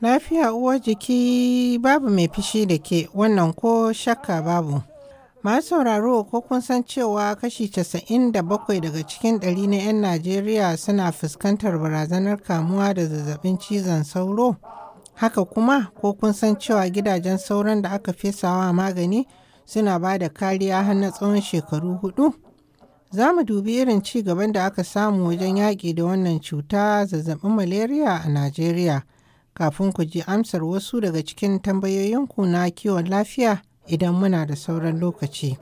Lafiya uwar jiki babu mai fishi da ke wannan ko shakka babu. Masu sauraro ko kun san cewa kashi 97 daga cikin ɗari na 'yan Najeriya suna fuskantar barazanar kamuwa da zazzabin cizon sauro. Haka kuma ko kun san cewa gidajen sauran da aka fesawa magani suna ba da kariya har na tsawon shekaru hudu. Za mu dubi irin ci gaban da aka samu wajen yaƙi da wannan cuta zazzabin malaria a Najeriya kafin ku ji amsar wasu daga cikin tambayoyinku na kiwon lafiya idan muna da sauran lokaci.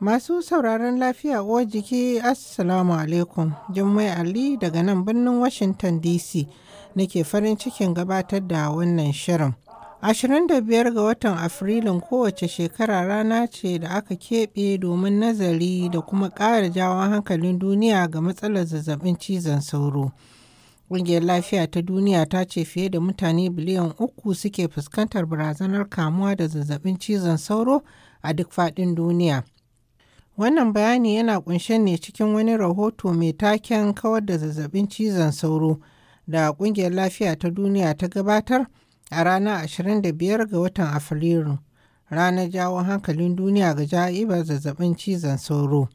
Masu sauraron lafiya uwar jiki Assalamu alaikum, Jummai Ali daga nan birnin Washington DC. nake farin cikin gabatar da wannan shirin. 25 ga watan Afrilun kowace shekara rana ce da aka keɓe domin nazari da kuma ƙara jawon hankalin duniya ga matsalar zazzabin cizon sauro. Ƙungiyar lafiya ta duniya ta ce fiye da mutane biliyan uku suke fuskantar barazanar kamuwa da zazzabin cizon sauro a duk faɗin duniya. Wannan bayani yana ƙunshe ne cikin wani rahoto mai taken kawar da zazzabin cizon sauro. da ƙungiyar lafiya ta duniya ta gabatar a ranar 25 ga watan afrilu ranar jawo hankalin duniya ga ja'ibar zazzabin cizon sauro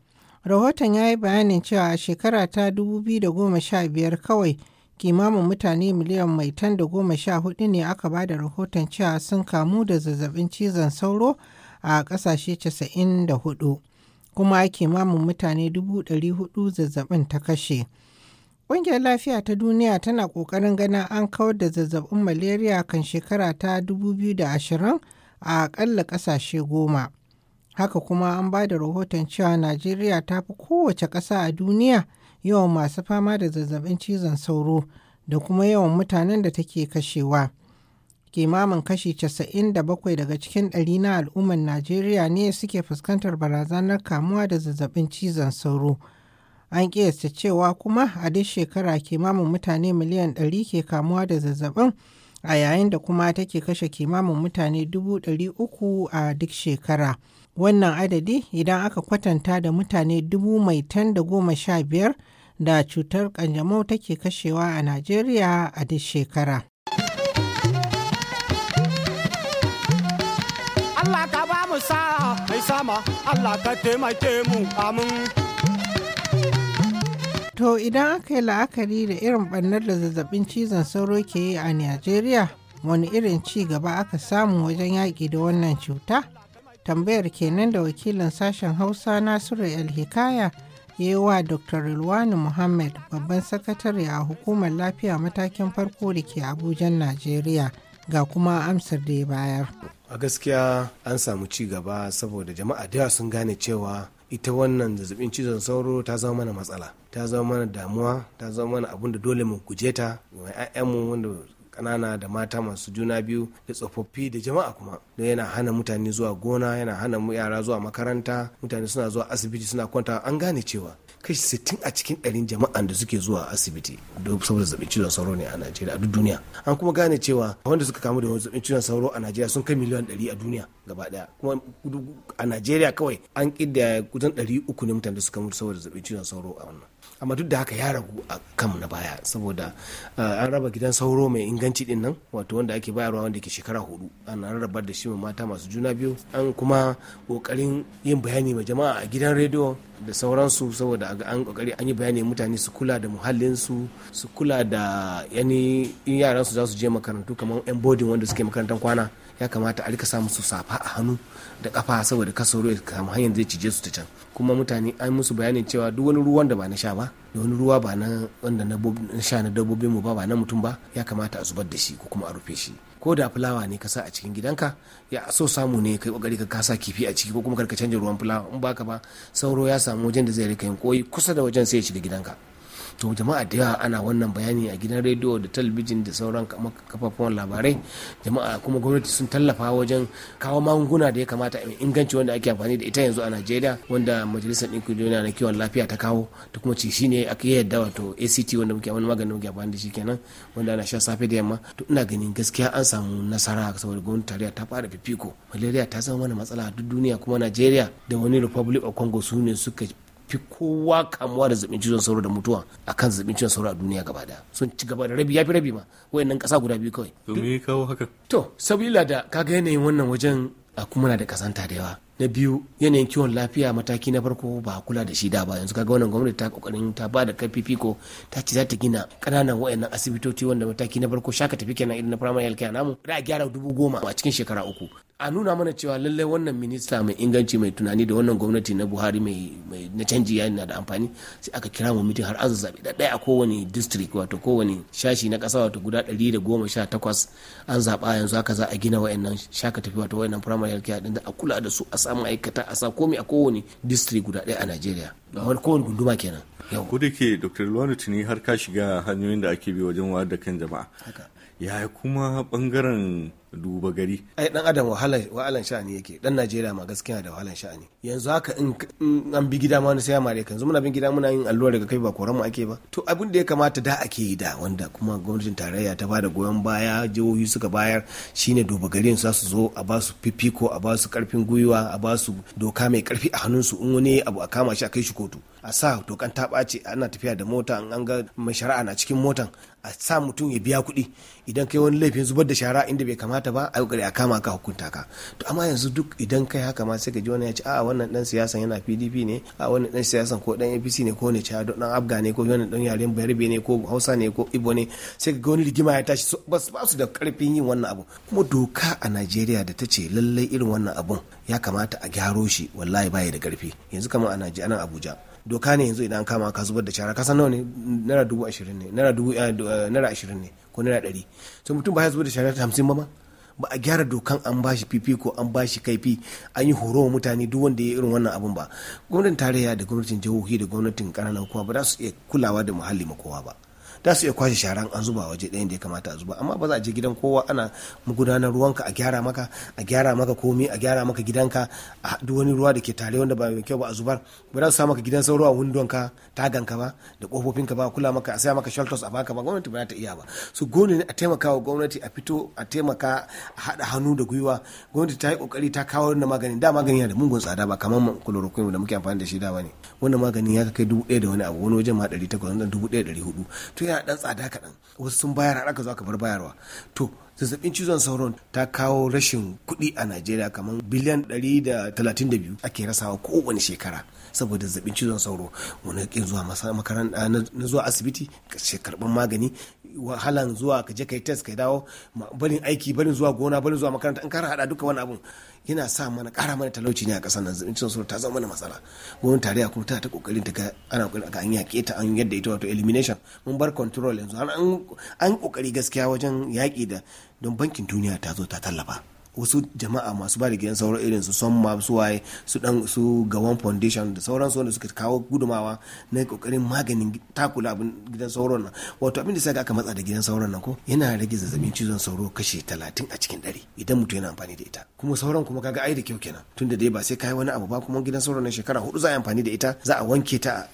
rahoton ya yi bayanin cewa a shekara ta 2015 kawai kimamin mutane miliyan mai tan da goma sha hudu ne aka ba da rahoton cewa sun kamu da zazzabin cizon sauro a ƙasashe 94 kuma kimamin mutane 400 zazzabin ta kashe. Ƙungiyar Lafiya ta Duniya tana ƙoƙarin ganin an kawar da zazzabin malaria kan shekara ta 2020 a aƙalla ƙasashe goma. Haka kuma an ba da rahoton cewa Najeriya ta fi kowace ƙasa a duniya yawan masu fama da zazzabin cizon sauro da kuma yawan mutanen da take kashewa. Kimamin kashi 97 daga cikin ɗari na al'ummar Najeriya ne suke fuskantar barazanar kamuwa da zazzabin cizon sauro. An kiyasta cewa kuma a duk shekara kimamin mutane miliyan 100 ke kamuwa da zazzabin a yayin da kuma take kashe kimamin mutane 300 a duk shekara. Wannan adadi idan aka kwatanta da mutane dubu mai da goma sha biyar da cutar kanjamau take kashewa a Najeriya a duk shekara. Allah ka ba mu sa mai sama, Allah ka taimake mu amin. To idan aka yi la'akari da irin bannar da zazzabin cizon sauro ke yi a Najeriya, wani irin ci gaba aka samu wajen yaƙi da wannan cuta? Tambayar kenan da wakilin sashen Hausa Nasiru El-Hikaya ya yi wa Dr. Rilwani Muhammad babban sakatare a hukumar lafiya matakin farko da ke Abujan Najeriya ga kuma amsar da ya bayar. A gaskiya an samu ci gaba saboda jama'a da sun gane cewa ita wannan zazzabin cizon sauro ta zama mana matsala ta zama mana damuwa ta zama mana abun da dole mu guje ta wa 'ya'yanmu wanda kanana da mata masu juna biyu da tsofaffi da jama'a kuma don yana hana mutane zuwa gona yana hana yara zuwa makaranta mutane suna zuwa asibiti suna kwanta an gane cewa kashi sittin a cikin ɗarin jama'an da suke zuwa asibiti don saboda zaɓin cizon sauro ne a najeriya a duk duniya an kuma gane cewa wanda suka kamu da zaɓin cizon sauro a najeriya sun kai miliyan ɗari a duniya gaba ɗaya kuma a najeriya kawai an ƙidda kusan ɗari uku ne mutane da suka mutu saboda zaɓin cizon sauro a wannan amma duk da haka ya ragu a kan na baya saboda eh, an raba gidan sauro mai inganci din nan wato wanda ake bayarwa wanda ke shekara hudu an rarraba da shi mata masu juna biyu an kuma kokarin yin bayani ma jama'a a gidan rediyo da sauransu saboda an kokari an yi bayani mutane su kula da muhallin su kula da yani yaran su za su je makarantu kamar yan bodin wanda suke makarantar kwana ya kamata a rika samu su safa a hannu da kafa saboda ruwa ya samu hanyar zai cije su ta can kuma mutane an musu bayanin cewa duk wani ruwan da ba na sha ba da wani ruwa ba na wanda na sha na dabbobin mu ba ba na mutum ba ya kamata a zubar da shi ko kuma a rufe shi ko da fulawa ne ka sa a cikin gidanka ya so samu ne kai kokari ka kasa kifi a ciki ko kuma karka canja ruwan fulawa in baka ba sauro ya samu wajen da zai rika yin koyi kusa da wajen sai ya shiga gidanka to jama'a da yawa ana wannan bayani a gidan rediyo da talabijin da sauran kafafuwan labarai jama'a kuma gwamnati sun tallafa wajen kawo magunguna da ya kamata a inganci wanda ake amfani da ita yanzu a najeriya wanda majalisar ɗinkin duniya na kiwon lafiya ta kawo ta kuma ci shine aka yadda wato act wanda muke wani maganin muke amfani da shi kenan wanda ana sha safe da yamma to ina ganin gaskiya an samu nasara saboda gwamnati tarayya ta fara fifiko malaria ta zama mana matsala a duk duniya kuma najeriya da wani republic of congo su ne suka fi kowa kamuwa da zazzabin cizon sauro da mutuwa akan zazzabin cizon sauro a duniya gaba da sun ci gaba da rabi ya fi rabi ma nan kasa guda biyu kawai to me kawo haka to sabila da kaga yanayin wannan wajen a kuma na da kasanta da yawa na biyu yanayin kiwon lafiya mataki na farko ba kula da shi da ba yanzu kaga wannan gwamnati ta kokarin ta ba da karfi fiko ta ci za ta gina kananan wayannan asibitoci wanda mataki na farko shaka tafi kenan irin na primary health care da a gyara dubu goma a cikin shekara uku a nuna mana cewa lallai wannan minista mai inganci mai tunani da wannan gwamnati na buhari mai na canji ya na da amfani sai aka kira mu mitin har an zaɓi da ɗaya a kowane district wato kowane shashi na kasa wato guda ɗari da goma sha takwas an zaɓa yanzu haka za a gina wa'annan shaka tafi wato wa'annan primary health care a kula da su a sa ma'aikata a sa komai a kowane district guda ɗaya a najeriya kowane gunduma kenan ko da ke dr luwani tuni har ka shiga hanyoyin da ake bi wajen wayar da kan jama'a yaya kuma bangaren duba gari ai dan adam wahalan sha'ani yake dan najeriya ma gaskiya da wahalan sha'ani yanzu haka in an bi gida ma wani sai mare kan muna bin gida muna yin allura daga kai ba koran mu ake ba to abin da ya kamata da ake yi da wanda kuma gwamnatin tarayya ta bada goyon baya jihohi suka bayar shine duba gari su su zo a ba su fifiko a ba su karfin gwiwa a ba su doka mai karfi a hannun su in wani abu a kama shi a kai shi kotu a sa dokan ta ɓace ana tafiya da mota an ga mai shari'a na cikin motan a sa mutum ya biya kuɗi idan kai wani laifin zubar da shara inda bai kamata kamata ba a kokari a kama ka hukunta ka to amma yanzu duk idan kai haka ma sai ka ji wani ya ce a wannan dan siyasan yana PDP ne a wannan dan siyasan ko dan APC ne ko ne cha dan Abga ne ko wannan dan yaren Bayarbe ne ko Hausa ne ko Ibo ne sai ka ga wani rigima ya tashi ba su da karfin yin wannan abu kuma doka a Najeriya da ta ce lallai irin wannan abun ya kamata a gyaro shi wallahi baya da karfi yanzu kamar a Najeriya nan Abuja doka ne yanzu idan kama ka zubar da shara kasan nawa ne naira dubu ashirin ne naira dubu eh, eh, naira ashirin ne ko naira ɗari so mutum ba ya zubar da shara ta hamsin ba ma ba a gyara dokan an bashi ko an ba shi kaifi an yi horo mutane duk wanda ya yi irin wannan abun ba gwamnatin tarayya da gwamnatin jihohi da gwamnatin ƙananan kowa ba za su iya kulawa da muhalli ma kowa ba da su iya kwashe sharan an zuba waje ɗayan da ya kamata a zuba amma ba za a je gidan kowa ana magudanar ruwanka a gyara maka a gyara maka komi a gyara maka gidanka a duk wani ruwa da ke tare wanda ba mai kyau ba a zubar ba za su sa maka gidan sauro a windonka taganka ba da kofofinka ba kula maka a saya maka shelters a baka ba gwamnati ba za ta iya ba su gone ne a taimaka wa gwamnati a fito a taimaka a haɗa hannu da gwiwa gwamnati ta yi kokari ta kawo wannan maganin da magani yana da mungun tsada ba kamar chloroquine da muke amfani da shi da ba ne wannan maganin ya kai dubu ɗaya da wani abu wani wajen ma ɗari takwas wani dubu ɗaya ɗari hudu yana dan tsada kaɗan wasu sun bayar har aka zo aka bar bayarwa to zazzabin cizon sauron ta kawo rashin kuɗi a najeriya kamar biliyan 132 ake rasawa kowane shekara saboda zaɓin cizon sauro wani ƙin zuwa makaranta na zuwa asibiti ce karɓar magani wahalan zuwa ka je kai test kai dawo barin aiki barin zuwa gona barin zuwa makaranta in kara hada duka wani abun yana sa mana kara mana talauci ne a kasar nan zaɓin cizon sauro ta zama mana matsala gwamnatin tarayya kuma ta ta kokarin ta ana kokarin ga an yaƙe ta an yadda ita wato elimination mun bar control yanzu an kokari gaskiya wajen yaƙi da don bankin duniya ta zo ta tallafa wasu jama'a masu ba da gidan sauro irin su son ma su waye su dan su one foundation da sauransu wanda suka kawo gudumawa na kokarin maganin takula abin gidan sauron nan wato abin da sai aka matsa da gidan sauron nan ko yana rage zazzabin cizon sauro kashi talatin a cikin dare idan mutum yana amfani da ita kuma sauran kuma kaga ai da kyau kenan tunda dai ba sai kai wani abu ba kuma gidan sauron nan shekara hudu za a amfani da ita za a wanke ta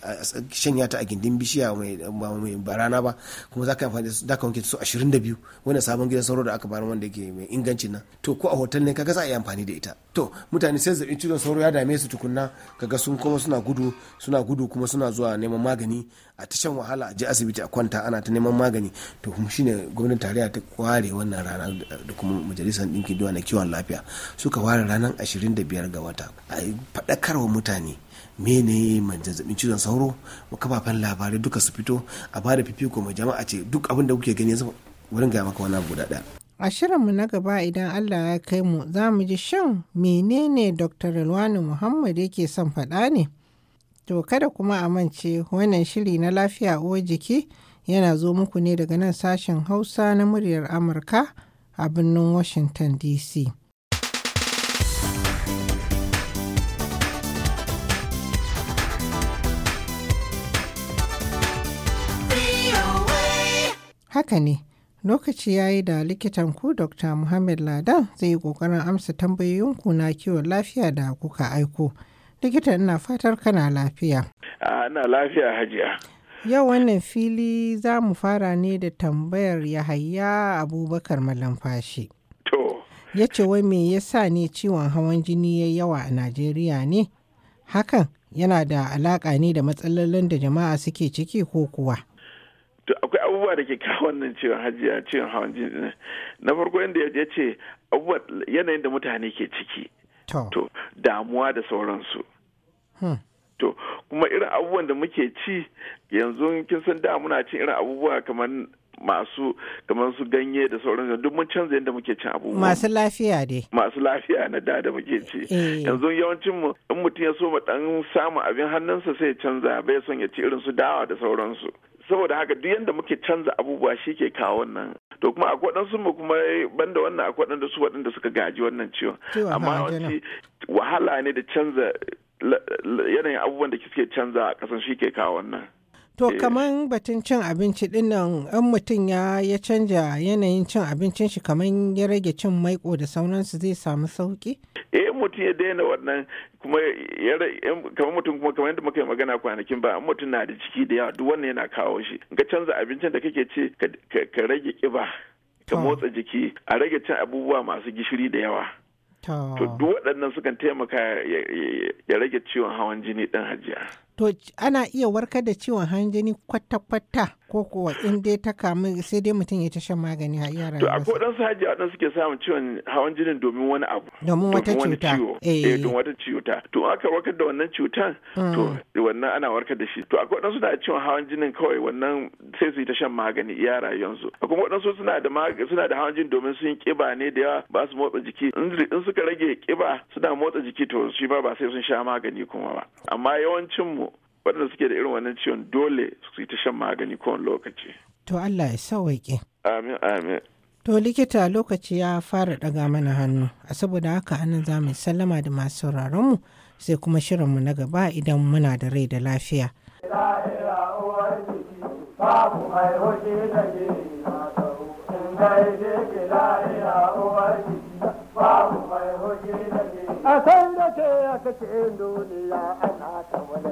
shanya ta a gindin bishiya mai barana ba kuma za ka amfani da wanke ta so 22 wannan sabon gidan sauro da aka bayar wanda yake mai ingancin nan to ko a hotel ne kaga za a yi amfani da ita to mutane sai zazzabin cizon sauro ya dame su tukunna kaga sun kuma suna gudu suna gudu kuma suna zuwa neman magani a tashan wahala a je asibiti a kwanta ana ta neman magani to kuma shine gwamnatin tarayya ta kware wannan rana da kuma majalisar ɗinkin duwa na kiwon lafiya suka ware ranar da 25 ga wata a faɗakarwa mutane mene man zazzabin cizon sauro kafafen labarai duka su fito a bada fifiko ma jama'a ce duk abin da kuke gani yanzu wurin ga maka wani abu guda ɗaya A shirinmu na gaba idan Allah ya kai mu za mu ji shan menene Dr. Rilwani Muhammad yake son faɗa ne? To kada kuma a mance wannan shiri na lafiya uwar jiki yana zo muku ne daga nan sashen Hausa na muryar Amurka a birnin Washington DC. Haka ne. lokaci ya yi da likitan ku dr muhammad ladan zai yi kokarin amsa tambayoyinku na kiwon lafiya da kuka aiko likita ina fatar kana lafiya ana lafiya hajiya yau wannan fili za mu fara ne da tambayar yahaya abubakar malamfashi to ya ce wai me yasa ne ciwon hawan jini ya yawa a najeriya ne hakan yana da alaƙa ne da matsalolin da jama'a suke ciki ko kuwa to akwai abubuwa da ke kawo wannan ciwon hajiya ciwon hawan jini na farko yadda ya ce abubuwa yanayin da mutane ke ciki to damuwa da sauransu hmm. to kuma irin abubuwan da muke ci yanzu kin san da muna cin irin abubuwa kamar masu kamar su ganye da sauran duk mun canza yadda muke cin abubuwa masu lafiya dai masu lafiya na da da muke ci eh. yanzu yawancin mu in mutum ya so ma dan samu abin hannunsa sai ya canza bai son ya ci irin su dawa da sauransu saboda haka duk yadda muke canza abubuwa shi ke kawo wannan to kuma akwai waɗansu mu kuma banda wannan akwai waɗanda su waɗanda suka gaji wannan ciwon amma wani wahala ne da canza yanayin abubuwan da suke canza a ƙasan shi ke kawo wannan To eh. kaman batun cin abinci dinnan an mutum ya ya canja yanayin cin abincin shi kaman ya rage cin maiko da sauransu zai samu sauki? Eh mutum ya daina wannan kuma kamar mutum kuma kamar yadda muka yi magana kwanakin ba mutum na da ciki da yawa duk wannan yana kawo shi. Ga canza abincin da kake ci ka rage kiba ka motsa jiki a rage cin abubuwa masu gishiri da yawa. To duk waɗannan sukan taimaka ya rage ciwon hawan jini ɗin hajiya. to ana iya warkar da ciwon hanjini kwata-kwata ko kuwa in dai ta kamu sai dai mutum ya ta shan magani a yaran to akwai wadansu a wadansu suke samun ciwon hawan jinin domin wani abu domin wata cuta eh. eh domin wata cuta to aka warkar da wannan cutar hmm. to wannan ana warkar da shi to akwai wadansu da ciwon hawan jinin kawai wannan sai su yi ta shan magani iya rayuwarsu akwai wadansu suna da suna da hawan jini domin sun kiba ne da yawa ba su motsa jiki in suka rage kiba suna motsa jiki to shi ba ba sai sun sha magani kuma ba amma yawancin mu waɗanda suke da irin wannan ciwon dole su yi ta shan magani kowane lokaci. To Allah ya sauwaƙe. Amin amin. To likita lokaci ya fara ɗaga mana hannu, a saboda haka anan za mu sallama da masu sauraronmu sai kuma shirin mu na gaba idan muna da rai da lafiya. babu mai da ke in a kai da ke aka ce duniya ana ta wani